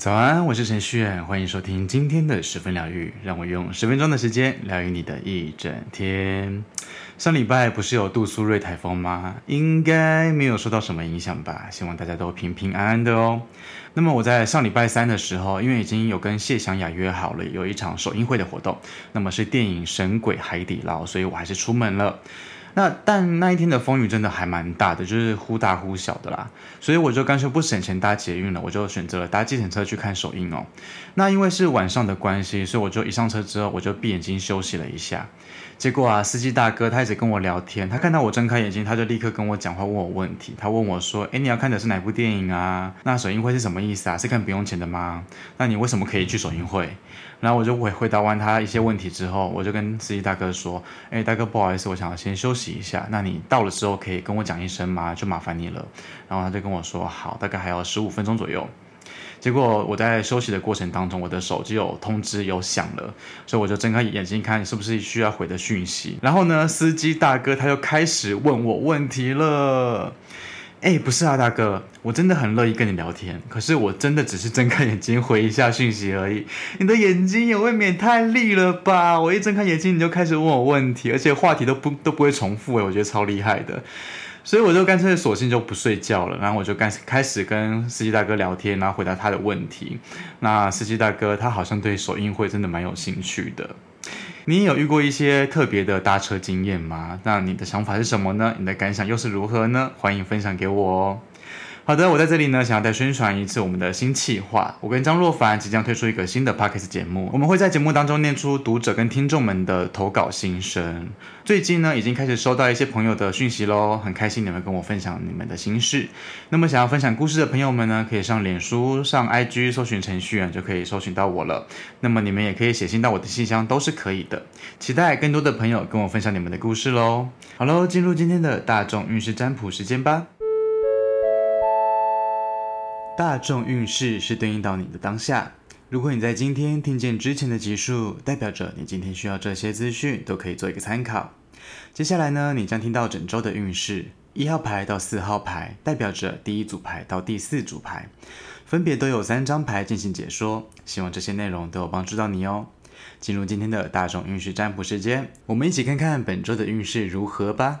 早安，我是陳旭，歡迎收聽今天的十分療癒。讓我用十分鐘的時間療癒你的一整天。上禮拜不是有杜蘇芮颱風嗎？應該沒有受到什麼影響吧？希望大家都平平安安的哦。那麼我在上禮拜三的時候，因為已經有跟謝祥雅約好了有一場首映會的活動，那麼是電影《神鬼海底撈》，所以我還是出門了。那但那一天的風雨真的還蠻大的，就是忽大忽小的啦，所以我就乾脆不省錢搭捷運了，我就選擇了搭計程車去看首映哦。那因為是晚上的關係，所以我就一上車之後，我就閉眼睛休息了一下。結果啊，司機大哥他一直跟我聊天，他看到我睜開眼睛，他就立刻跟我講話，問我問題。他問我說：“誒，你要看的是哪部電影啊？那首映會是什麼意思啊？是看不用錢的嗎？那你為什麼可以去首映會？”然後我就回回答完他一些問題之後，我就跟司機大哥說：“哎，大哥，不好意思，我想要先休息一下。那你到了之後可以跟我講一聲嗎？就麻煩你了。”然後他就跟我說：“好，大概還要十五分鐘左右。”結果我在休息的過程當中，我的手機有通知有響了，所以我就睜開眼睛看是不是需要回的訊息。然後呢，司機大哥他就開始問我問題了。哎，不是啊，大哥，我真的很樂意跟你聊天。可是，我真的只是睜開眼睛回一下訊息而已。你的眼睛也未免太利了吧？我一睜開眼睛你就開始問我問題，而且話題都不都不會重複，哎，我覺得超厲害的。所以我就乾脆索性就不睡覺了，然後我就乾開始跟司機大哥聊天，然後回答他的問題。那司機大哥他好像對首映會真的蠻有興趣的。你有遇過一些特別的搭車經驗嗎？那你的想法是什麼呢？你的感想又是如何呢？歡迎分享給我哦。好的，我在這裡呢，想要再宣傳一次我們的新企劃。我跟張若凡即將推出一個新的 Podcast 節目，我們會在節目當中念出讀者跟聽眾們的投稿心聲。最近呢，已經開始收到一些朋友的訊息嘍，很開心你們跟我分享你們的心事。那麼想要分享故事的朋友們呢，可以上臉書、上 IG 搜尋程序員就可以搜尋到我了。那麼你們也可以寫信到我的信箱，都是可以的。期待更多的朋友跟我分享你們的故事嘍。好嘍，進入今天的大眾運勢占卜時間吧。大眾運勢是對應到你的當下。如果你在今天聽見之前的集數，代表着你今天需要這些資訊都可以做一個參考。接下來呢，你將聽到整週的運勢，一號牌到四號牌，代表着第一組牌到第四組牌，分別都有三張牌進行解說。希望這些內容都有幫助到你哦。進入今天的大眾運勢占卜時間，我們一起看看本週的運勢如何吧。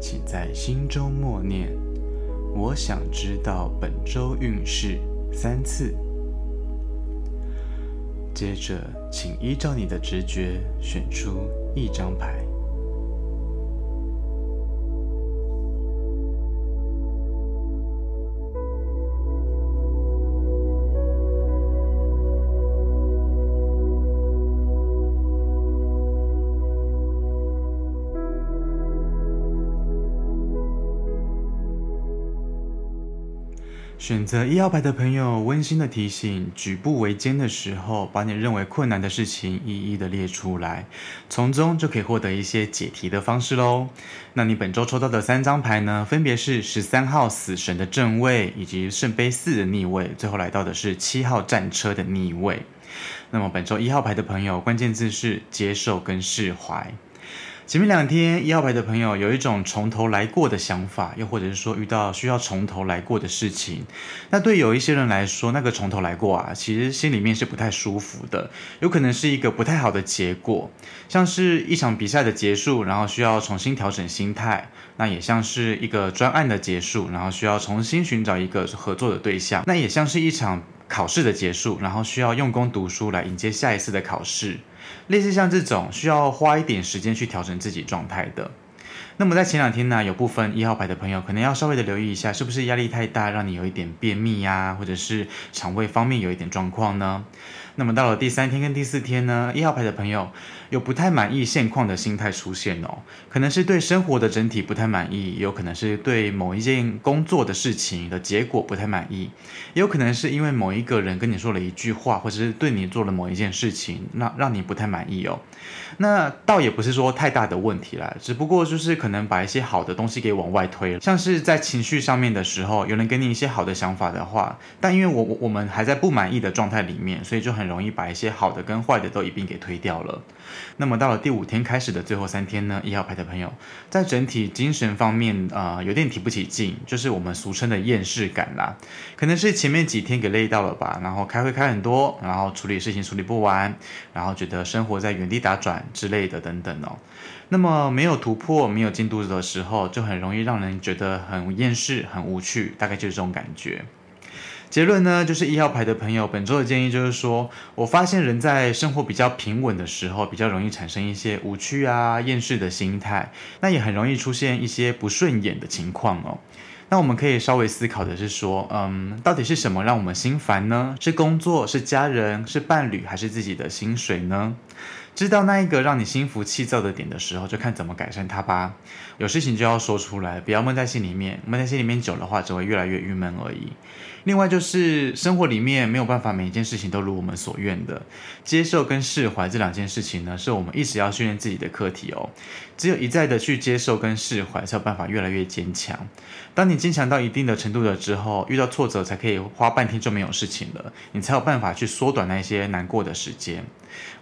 請在心中默念：“我想知道本週運勢三次。”接着，請依照你的直覺選出一張牌。選擇一號牌的朋友，溫馨的提醒：舉步維艱的時候，把你認為困難的事情一一的列出來，從中就可以獲得一些解題的方式嘍。那你本周抽到的三張牌呢？分別是十三號死神的正位，以及聖杯四的逆位，最後來到的是七號戰車的逆位。那麼本周一號牌的朋友，關鍵字是接受跟釋懷。前面兩天，一號牌的朋友有一種從頭來過的想法，又或者是說遇到需要從頭來過的事情。那對有一些人來說，那個從頭來過啊，其實心裡面是不太舒服的，有可能是一個不太好的結果。像是一場比賽的結束，然後需要重新調整心態；那也像是一個專案的結束，然後需要重新尋找一個合作的對象；那也像是一場考試的結束，然後需要用功讀書來迎接下一次的考試。類似像這種需要花一點時間去調整自己狀態的，那麼在前兩天呢，有部分一號牌的朋友可能要稍微的留意一下，是不是壓力太大，讓你有一點便秘呀、啊，或者是腸胃方面有一點狀況呢？那麼到了第三天跟第四天呢，一號牌的朋友有不太滿意現況的心態出現哦，可能是對生活的整體不太滿意，有可能是對某一件工作的事情的結果不太滿意，也有可能是因為某一個人跟你說了一句話，或者是對你做了某一件事情，那讓，讓你不太滿意哦。那倒也不是說太大的問題啦，只不過就是可能把一些好的東西給往外推了，像是在情緒上面的時候，有人給你一些好的想法的話，但因為我我我們還在不滿意的狀態裡面，所以就很。容易把一些好的跟壞的都一併給推掉了。那麼到了第五天開始的最後三天呢，一號牌的朋友在整體精神方面啊、呃，有點提不起勁，就是我們俗稱的厭世感啦。可能是前面幾天給累到了吧，然後開會開很多，然後處理事情處理不完，然後覺得生活在原地打轉之類的等等哦。那麼沒有突破、沒有進度的時候，就很容易讓人覺得很厭世、很無趣，大概就是這種感覺。結論呢，就是一號牌的朋友，本周的建議就是說，我發現人在生活比較平穩的時候，比較容易產生一些無趣啊、厭世的心態，那也很容易出現一些不順眼的情況哦。那我們可以稍微思考的是說，嗯，到底是什麼讓我們心煩呢？是工作，是家人，是伴侶，還是自己的薪水呢？知道那一個讓你心浮氣躁的點的時候，就看怎麼改善它吧。有事情就要說出來，不要悶在心裡面，悶在心裡面久的話，只會越來越鬱悶而已。另外就是生活裡面沒有辦法每一件事情都如我們所願的，接受跟釋懷這兩件事情呢，是我們一直要訓練自己的課題哦。只有一再的去接受跟釋懷，才有辦法越來越堅強。當你堅強到一定的程度了之後，遇到挫折才可以花半天就沒有事情了，你才有辦法去縮短那些難過的時間。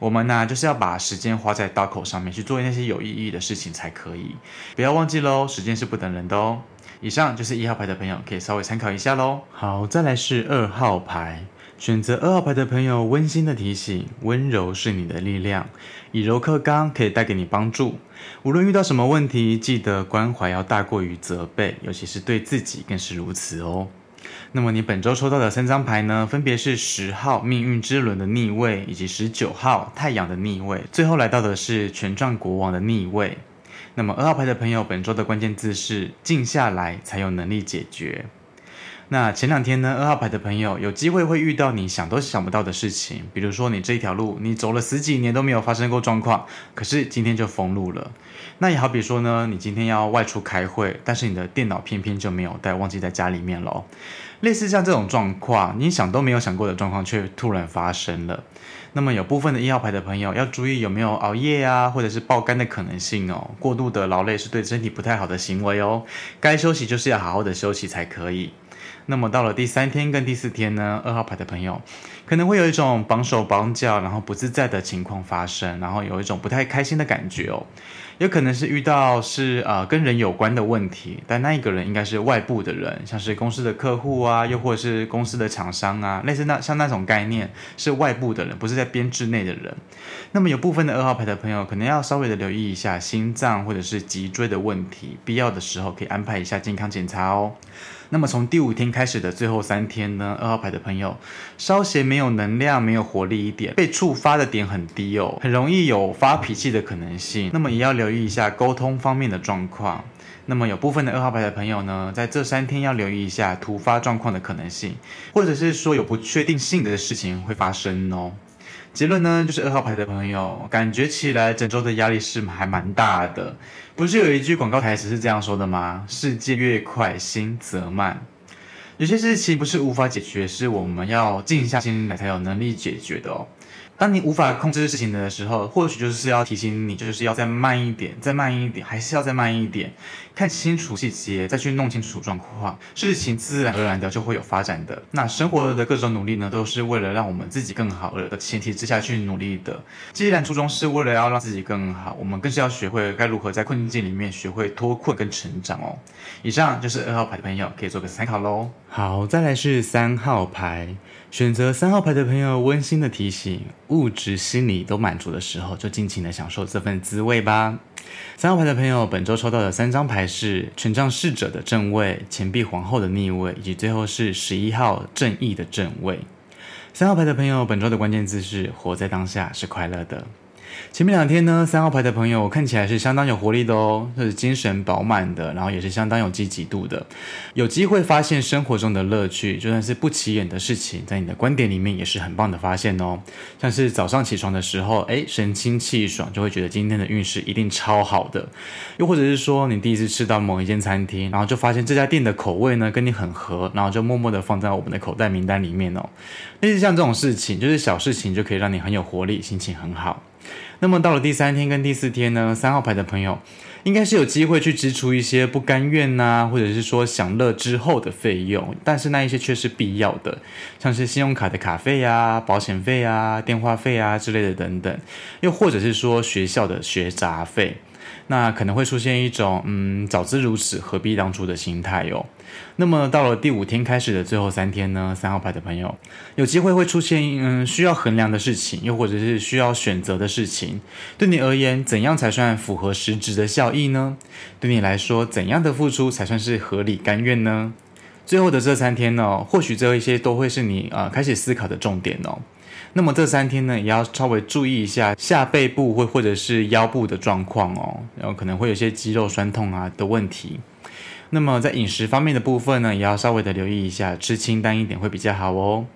我們呢、啊，就是要把時間花在刀口上面，去做那些有意義的事情才可以。不要忘記嘍，時間是不等人的哦。以上就是一號牌的朋友，可以稍微參考一下嘍。好，再來是二號牌，選擇二號牌的朋友，溫馨的提醒：溫柔是你的力量，以柔克剛可以帶給你幫助。無論遇到什麼問題，記得關懷要大過於責備，尤其是對自己更是如此哦。那麼你本周抽到的三張牌呢？分別是十號命運之輪的逆位，以及十九號太陽的逆位，最後來到的是權杖國王的逆位。那麼二號牌的朋友，本周的關鍵字是：靜下來，才有能力解決。那前兩天呢，二號牌的朋友有機會會遇到你想都想不到的事情，比如說你這一條路你走了十幾年都沒有發生過狀況，可是今天就封路了。那也好比說呢，你今天要外出開會，但是你的電腦偏偏就沒有帶，忘記在家裡面嘍。類似像這種狀況，你想都沒有想過的狀況卻突然發生了。那麼有部分的一號牌的朋友要注意有沒有熬夜啊，或者是爆肝的可能性哦。過度的勞累是對身體不太好的行為哦，該休息就是要好好的休息才可以。那麼到了第三天跟第四天呢，二號牌的朋友，可能會有一種綁手綁腳，然後不自在的情況發生，然後有一種不太開心的感覺哦。有可能是遇到是呃跟人有關的問題，但那一個人應該是外部的人，像是公司的客戶啊，又或者是公司的廠商啊，類似那像那種概念是外部的人，不是在編制內的人。那麼有部分的二號牌的朋友，可能要稍微的留意一下心臟或者是脊椎的問題，必要的時候可以安排一下健康檢查哦。那麼從第五天開始的最後三天呢，二號牌的朋友稍嫌沒有。沒有能量，沒有活力一點，被觸發的點很低哦，很容易有發脾氣的可能性。那麼也要留意一下溝通方面的狀況。那麼有部分的二號牌的朋友呢，在這三天要留意一下突發狀況的可能性，或者是說有不確定性的事情會發生哦。結論呢，就是二號牌的朋友感覺起來整週的壓力是還蠻大的。不是有一句廣告台詞是這樣說的嗎？世界越快，心則慢。有些事情不是無法解決，是我們要靜下心來才有能力解決的哦。當你無法控制事情的時候，或許就是要提醒你，就是要再慢一點，再慢一點，還是要再慢一點。看清楚細節，再去弄清楚狀況，事情自然而然的就會有發展的。那生活的各種努力呢，都是為了讓我們自己更好了的前提之下去努力的。既然初衷是為了要讓自己更好，我們更是要學會該如何在困境裡面學會脫困跟成長哦。以上就是二號牌的朋友可以做個參考嘍。好，再來是三號牌，選擇三號牌的朋友，溫馨的提醒：物質、心理都滿足的時候，就盡情的享受這份滋味吧。三號牌的朋友，本周抽到的三張牌是權杖侍者的正位、錢幣皇後的逆位，以及最後是十一號正義的正位。三號牌的朋友，本周的關鍵字是：活在當下是快樂的。前面兩天呢，三號牌的朋友看起來是相當有活力的哦，就是精神飽滿的，然後也是相當有積極度的。有機會發現生活中的樂趣，就算是不起眼的事情，在你的觀點裡面也是很棒的發現哦。像是早上起床的時候，誒，神清氣爽，就會覺得今天的運勢一定超好的。又或者是說，你第一次吃到某一間餐廳，然後就發現這家店的口味呢跟你很合，然後就默默的放在我們的口袋名單裡面哦。那些像這種事情，就是小事情就可以讓你很有活力，心情很好。那麼到了第三天跟第四天呢，三號牌的朋友應該是有機會去支出一些不甘願吶、啊，或者是說享樂之後的費用，但是那一些卻是必要的，像是信用卡的卡費啊、保險費啊、電話費啊之類的等等，又或者是說學校的學雜費。那可能會出現一種，嗯，早知如此，何必當初的心態哦。那麼到了第五天開始的最後三天呢，三號牌的朋友有機會會出現，嗯，需要衡量的事情，又或者是需要選擇的事情。對你而言，怎樣才算符合實質的效益呢？對你來說，怎樣的付出才算是合理甘願呢？最後的這三天呢，或許這一些都會是你啊，呃，開始思考的重點哦。那麼這三天呢，也要稍微注意一下下背部或、或者是腰部的狀況哦，然後可能會有些肌肉酸痛啊的問題。那麼在飲食方面的部分呢，也要稍微的留意一下，吃清淡一點會比較好哦。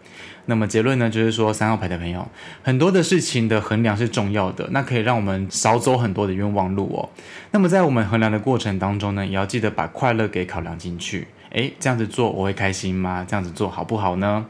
那麼結論呢，就是說三號牌的朋友，很多的事情的衡量是重要的，那可以讓我們少走很多的冤枉路哦。那麼在我們衡量的過程當中呢，也要記得把快樂給考量進去。誒，這樣子做我會開心嗎？這樣子做好不好呢？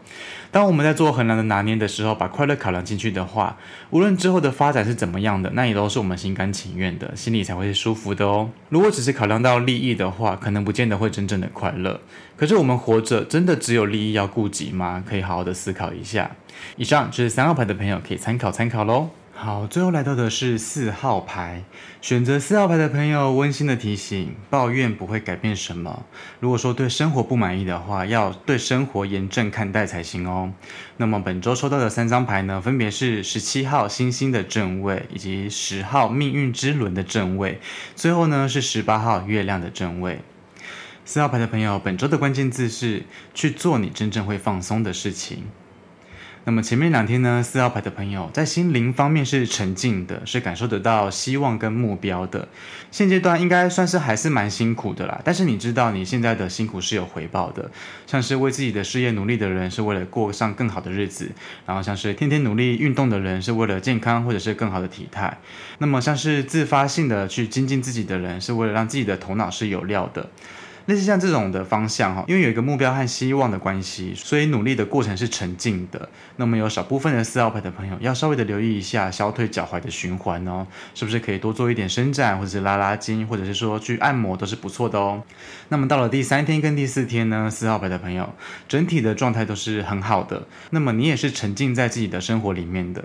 當我們在做衡量、的拿捏的時候，把快樂考量進去的話，無論之後的發展是怎麼樣的，那也都是我們心甘情願的，心裡才會舒服的哦。如果只是考量到利益的話，可能不見得會真正的快樂。可是我們活着，真的只有利益要顧及嗎？可以好好的思考一下。以上就是三號牌的朋友，可以參考參考嘍。好，最後來到的是四號牌。選擇四號牌的朋友，溫馨的提醒：抱怨不會改變什麼。如果說對生活不滿意的話，要對生活嚴正看待才行哦。那麼本周抽到的三張牌呢，分別是十七號星星的正位，以及十號命運之輪的正位，最後呢是十八號月亮的正位。四號牌的朋友，本周的關鍵字是去做你真正會放鬆的事情。那麼前面兩天呢，四號牌的朋友在心靈方面是沉靜的，是感受得到希望跟目標的。現階段應該算是還是蠻辛苦的啦，但是你知道你現在的辛苦是有回報的。像是為自己的事業努力的人，是為了過上更好的日子；然後像是天天努力運動的人，是為了健康或者是更好的體態。那麼像是自發性的去精進自己的人，是為了讓自己的頭腦是有料的。類似像這種的方向哈，因為有一個目標和希望的關係，所以努力的過程是沉浸的。那麼有少部分的四號牌的朋友，要稍微的留意一下小腿、腳踝的循環哦，是不是可以多做一點伸展，或者是拉拉筋，或者是說去按摩都是不錯的哦。那麼到了第三天跟第四天呢，四號牌的朋友整體的狀態都是很好的，那麼你也是沉浸在自己的生活裡面的。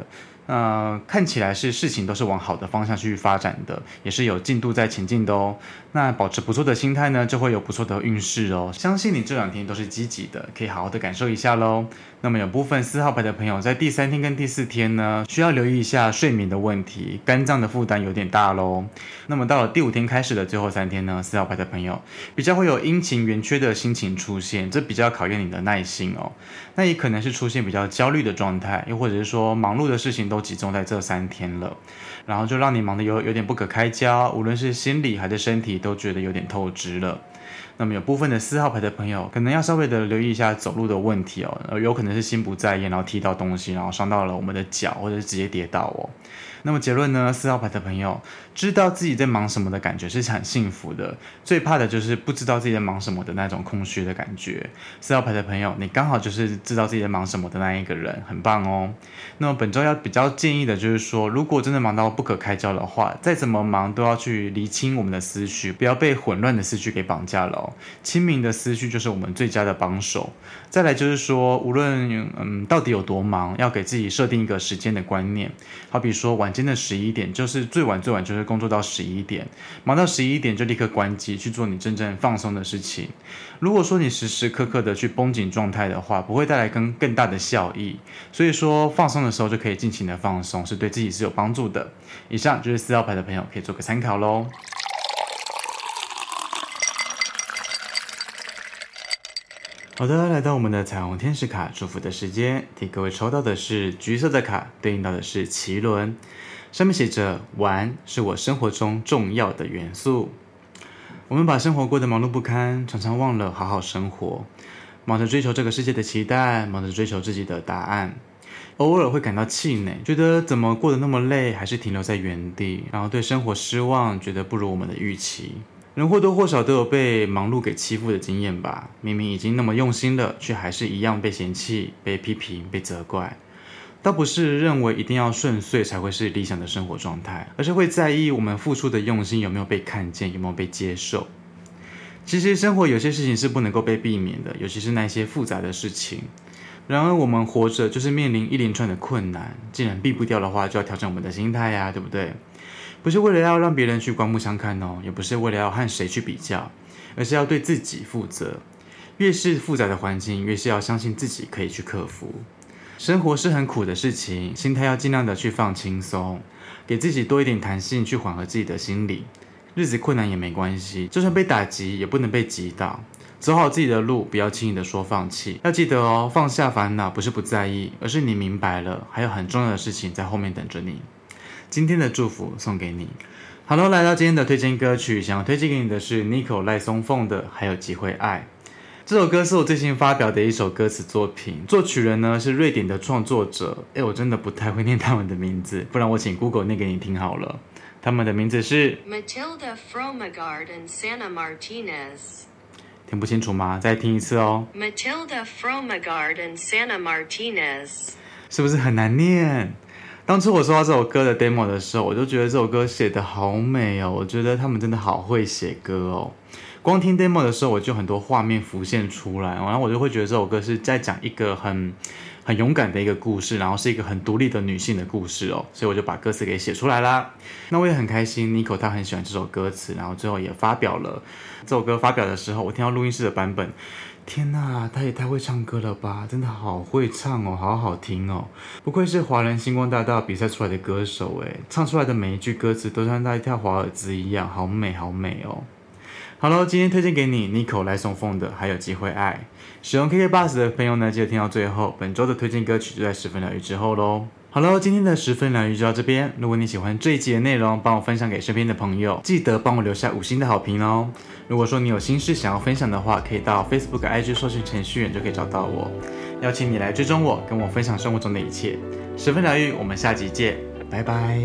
呃，看起來是事情都是往好的方向去發展的，也是有進度在前進的哦。那保持不錯的心態呢，就會有不錯的運勢哦。相信你這兩天都是積極的，可以好好的感受一下嘍。那麼有部分四號牌的朋友在第三天跟第四天呢，需要留意一下睡眠的問題，肝臟的負擔有點大嘍。那麼到了第五天開始的最後三天呢，四號牌的朋友比較會有陰晴圓缺的心情出現，這比較考驗你的耐心哦。那也可能是出現比較焦慮的狀態，又或者是說忙碌的事情都集中在這三天了，然後就讓你忙得有有點不可開交，無論是心理還是身體都覺得有點透支了。那麼有部分的四號牌的朋友，可能要稍微的留意一下走路的問題哦，有可能是心不在焉，然後踢到東西，然後傷到了我們的腳，或者是直接跌倒哦。那麼結論呢？四號牌的朋友知道自己在忙什麼的感覺是很幸福的，最怕的就是不知道自己在忙什麼的那種空虛的感覺。四號牌的朋友，你剛好就是知道自己在忙什麼的那一個人，很棒哦。那麼本周要比較建議的就是說，如果真的忙到不可開交的話，再怎麼忙都要去釐清我們的思緒，不要被混亂的思緒給綁架了哦。清明的思緒就是我們最佳的幫手。再來就是說，無論嗯到底有多忙，要給自己設定一個時間的觀念，好比說晚。今天的十一點，就是最晚最晚就是工作到十一點，忙到十一點就立刻關機去做你真正放鬆的事情。如果說你時時刻刻的去繃緊狀態的話，不會帶來更更大的效益。所以說，放鬆的時候就可以盡情的放鬆，是對自己是有幫助的。以上就是四聊牌的朋友可以做個參考嘍。好的，來到我們的彩虹天使卡祝福的時間，替各位抽到的是橘色的卡，對應到的是臍輪，上面寫着“玩是我生活中重要的元素”。我們把生活過得忙碌不堪，常常忘了好好生活，忙着追求這個世界的期待，忙着追求自己的答案，偶爾會感到氣餒，覺得怎麼過得那麼累，還是停留在原地，然後對生活失望，覺得不如我們的預期。人或多或少都有被忙碌給欺負的經驗吧，明明已經那麼用心了，卻還是一樣被嫌棄、被批評、被責怪。倒不是認為一定要順遂才會是理想的生活狀態，而是會在意我們付出的用心有沒有被看見，有沒有被接受。其實生活有些事情是不能夠被避免的，尤其是那些複雜的事情。然而我們活着就是面臨一連串的困難，既然避不掉的話，就要調整我們的心態呀、啊，對不對？不是為了要讓別人去刮目相看哦，也不是為了要和誰去比較，而是要對自己負責。越是複雜的環境，越是要相信自己可以去克服。生活是很苦的事情，心態要盡量的去放輕鬆，給自己多一點彈性，去緩和自己的心理。日子困難也沒關係，就算被打擊，也不能被擊倒。走好自己的路，不要輕易的說放棄。要記得哦，放下煩惱不是不在意，而是你明白了，還有很重要的事情在後面等着你。今天的祝福送給你。Hello，來到今天的推薦歌曲，想要推薦給你的是妮可賴松鳳的《還有機會愛》。這首歌是我最新發表的一首歌詞作品，作曲人呢是瑞典的創作者。哎，我真的不太會念他們的名字，不然我請 Google 念給你聽好了。他們的名字是 Matilda Fromagard And Santa Martinez。聽不清楚嗎？再聽一次哦。Matilda Fromagard And Santa Martinez。是不是很難念？當初我收到這首歌的 demo 的時候，我就覺得這首歌寫得好美哦，我覺得他們真的好會寫歌哦。光聽 demo 的時候，我就很多畫面浮現出來，然後我就會覺得這首歌是在講一個很很勇敢的一個故事，然後是一個很獨立的女性的故事哦，所以我就把歌詞給寫出來啦。那我也很開心，Niko 他她很喜歡這首歌詞，然後最後也發表了這首歌發表的時候，我聽到錄音室的版本。天吶、啊，他也太會唱歌了吧！真的好會唱哦，好好聽哦，不愧是華人星光大道比賽出來的歌手哎、欸，唱出來的每一句歌詞都像在跳華爾茲一樣，好美好美哦。好嘍，今天推薦給你，妮可來送奉的，還有機會愛。使用 KKBOX 的朋友呢，記得聽到最後。本周的推薦歌曲就在十分療癒之後嘍。好嘍，今天的十分療癒就到這邊。如果你喜歡這一集的內容，幫我分享給身邊的朋友，記得幫我留下五星的好評哦。如果說你有心事想要分享的話，可以到 Facebook、IG 搜尋程序員就可以找到我，邀請你來追蹤我，跟我分享生活中的一切。十分療癒，我們下集見，拜拜。